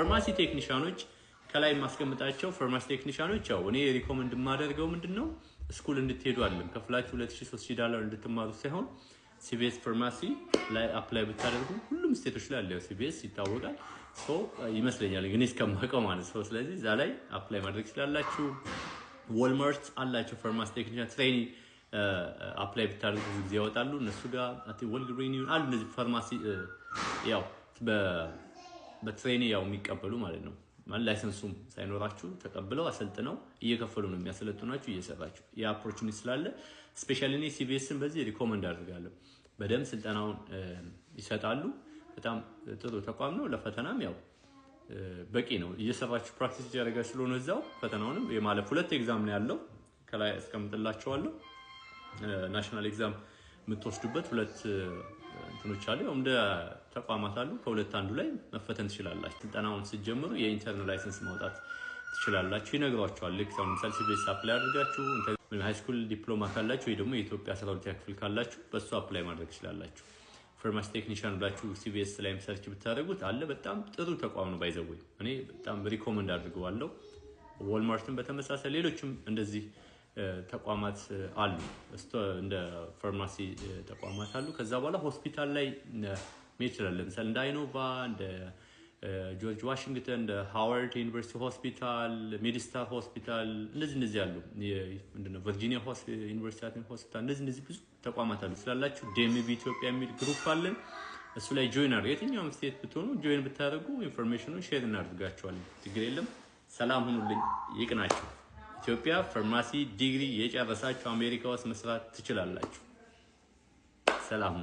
ፋርማሲ ቴክኒሽያኖች ከላይ የማስቀምጣቸው ፋርማሲ ቴክኒሽያኖች ያው እኔ ሪኮመንድ የማደርገው ምንድን ነው ስኩል እንድትሄዱ አለም ከፍላችሁ 2300 ዳላር እንድትማሩ ሳይሆን ሲቢኤስ ፋርማሲ ላይ አፕላይ ብታደርጉ ሁሉም ስቴቶች ላይ አለ። ሲቢኤስ ይታወቃል ይመስለኛል፣ ግን እስከማውቀው ማለት ሰው። ስለዚህ እዛ ላይ አፕላይ ማድረግ ስላላችሁ ወልማርት አላቸው ፋርማሲ ቴክኒሽያን ትሬኒ አፕላይ ብታደርጉ ብዙ ጊዜ ያወጣሉ እነሱ ጋር። ወልግሪን አሉ እነዚህ ፋርማሲ ያው በትሬኒ ያው የሚቀበሉ ማለት ነው። ላይሰንሱም ሳይኖራችሁ ተቀብለው አሰልጥነው እየከፈሉ ነው የሚያሰለጥኗችሁ እየሰራችሁ። የአፖርቹኒቲ ስላለ ስፔሻሊ እኔ ሲቪኤስን በዚህ ሪኮመንድ አድርጋለሁ። በደንብ ስልጠናውን ይሰጣሉ። በጣም ጥሩ ተቋም ነው። ለፈተናም ያው በቂ ነው። እየሰራችሁ ፕራክቲስ እያደረገ ስለሆነ እዛው ፈተናውንም የማለፍ ሁለት ኤግዛም ነው ያለው። ከላይ አስቀምጥላቸዋለሁ ናሽናል ኤግዛም የምትወስዱበት ሁለት እንትኖች አሉ። ያው እንደ ተቋማት አሉ። ከሁለት አንዱ ላይ መፈተን ትችላላችሁ። ስልጠናውን ስትጀምሩ የኢንተርን ላይሰንስ ማውጣት ትችላላችሁ። ይነግሯቸዋል። ልክ ሁ ምሳሌ ሲቪል አፕላይ አድርጋችሁ ሃይስኩል ዲፕሎማ ካላችሁ ወይ ደግሞ የኢትዮጵያ አስራ ሁለተኛ ክፍል ካላችሁ በእሱ አፕላይ ማድረግ ትችላላችሁ። ፋርማሲ ቴክኒሽያን ብላችሁ ሲቪኤስ ላይ ሰርች ብታደርጉት አለ። በጣም ጥሩ ተቋም ነው። ባይዘወይ እኔ በጣም ሪኮመንድ አድርገዋለሁ። ዋልማርትን በተመሳሳይ ሌሎችም እንደዚህ ተቋማት አሉ፣ እንደ ፋርማሲ ተቋማት አሉ። ከዛ በኋላ ሆስፒታል ላይ መሄድ ይችላል። ለምሳሌ እንደ አይኖቫ፣ እንደ ጆርጅ ዋሽንግተን፣ እንደ ሃዋርድ ዩኒቨርሲቲ ሆስፒታል፣ ሜዲስታ ሆስፒታል እነዚህ እነዚህ አሉ። ምንድነው ቨርጂኒያ ዩኒቨርሲቲ ሆስፒታል እነዚህ እነዚህ ብዙ ተቋማት አሉ ስላላችሁ ዴሚቪ ኢትዮጵያ የሚል ግሩፕ አለን። እሱ ላይ ጆይን አድርገ የትኛውም ስቴት ብትሆኑ ጆይን ብታደርጉ ኢንፎርሜሽኑን ሼር እናደርጋቸዋለን። ችግር የለም። ሰላም ሁኑልኝ። ይቅናቸው። ኢትዮጵያ ፋርማሲ ዲግሪ የጨረሳችሁ አሜሪካ ውስጥ መስራት ትችላላችሁ። ሰላም